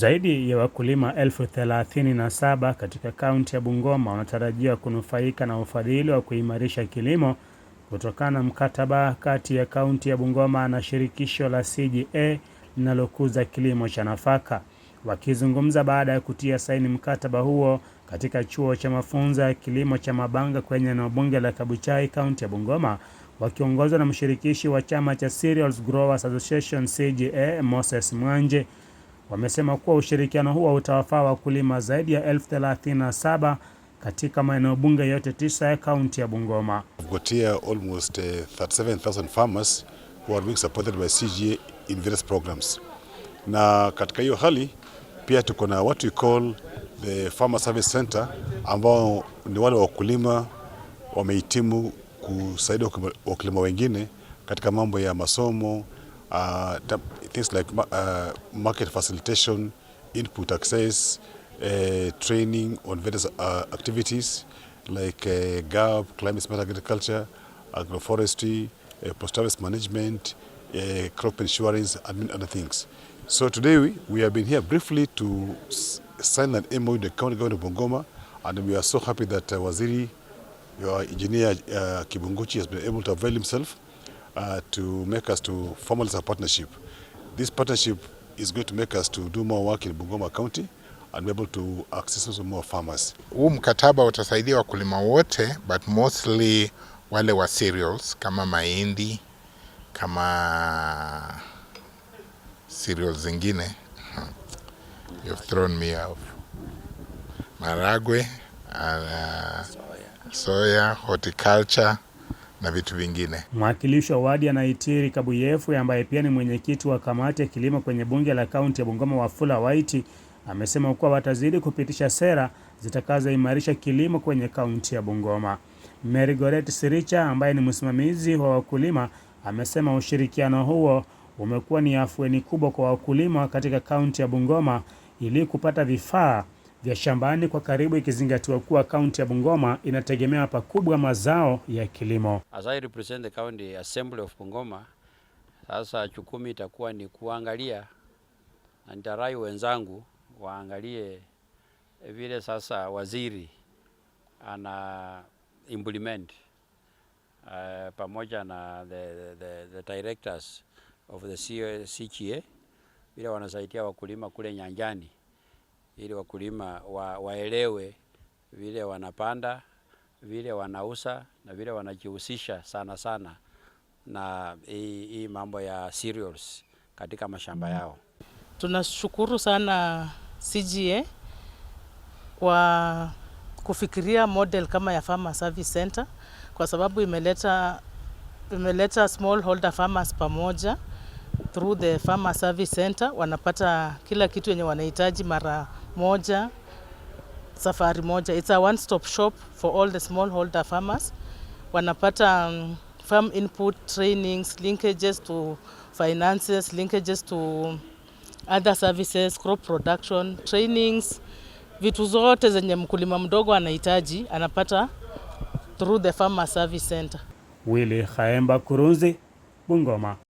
Zaidi ya wakulima elfu thelathini na saba katika kaunti ya Bungoma wanatarajiwa kunufaika na ufadhili wa kuimarisha kilimo kutokana na mkataba kati ya kaunti ya Bungoma na shirikisho la CGA linalokuza kilimo cha nafaka. Wakizungumza baada ya kutia saini mkataba huo katika chuo cha mafunzo ya kilimo cha Mabanga kwenye eneo bunge la Kabuchai, kaunti ya Bungoma, wakiongozwa na mshirikishi wa chama cha Cereals Growers Association CGA, Moses Mwanje wamesema kuwa ushirikiano huo utawafaa wakulima zaidi ya elfu thelathini na saba katika maeneo bunge yote tisa ya kaunti ya Bungoma. We've got here almost 37,000 eh, farmers who are being supported by CGA in various programs. Na katika hiyo hali pia tuko na what we call the Farmer Service Center ambao ni wale wakulima wamehitimu kusaidia wakulima wengine katika mambo ya masomo uh, things like uh, market facilitation, input access, uh, training on various uh, activities like uh, GAP, climate smart agriculture, agroforestry, uh, post-harvest management, uh, crop insurance, and many other things. So today we, we have been here briefly to sign an MOU with the county government of Bungoma, and we are so happy that uh, Waziri, your engineer uh, Kibunguchi has been able to avail himself uh, to make us to formalize a partnership. This partnership is going to make us to do more work in Bungoma County and be able to access more farmers. Huu mkataba utasaidia wakulima wote but mostly wale wa cereals kama mahindi kama cereals zingine. Hmm. You've thrown me off. Maragwe, uh, soya, horticulture na vitu vingine. Mwakilishi wa wadi ya Naitiri Kabuyefu ambaye pia ni mwenyekiti wa kamati ya kilimo kwenye bunge la kaunti ya Bungoma Wafula Waiti amesema kuwa watazidi kupitisha sera zitakazoimarisha kilimo kwenye kaunti ya Bungoma. merigoret Goret Siricha ambaye ni msimamizi wa wakulima amesema ushirikiano huo umekuwa ni afueni kubwa kwa wakulima katika kaunti ya Bungoma ili kupata vifaa vya shambani kwa karibu, ikizingatiwa kuwa kaunti ya Bungoma inategemea pakubwa mazao ya kilimo. As I represent the county assembly of Bungoma, sasa chukumi itakuwa ni kuangalia na nitarai wenzangu waangalie vile sasa waziri ana implement uh, pamoja na the, the, the directors of the CCA vile wanasaidia wakulima kule nyanjani ili wakulima wa, waelewe vile wanapanda, vile wanausa na vile wanajihusisha sana sana na hii mambo ya cereals katika mashamba mm. yao. Tunashukuru sana CGA kwa kufikiria model kama ya Farmer Service Center kwa sababu imeleta, imeleta smallholder farmers pamoja through the Farmer Service Center wanapata kila kitu yenye wanahitaji mara moja, safari moja. It's a one stop shop for all the smallholder farmers. Wanapata um, farm input trainings, linkages to finances, linkages to other services, crop production, trainings, vitu zote zenye mkulima mdogo anahitaji anapata through the Farmer Service Center. Willy Khaemba Kurunzi, Bungoma.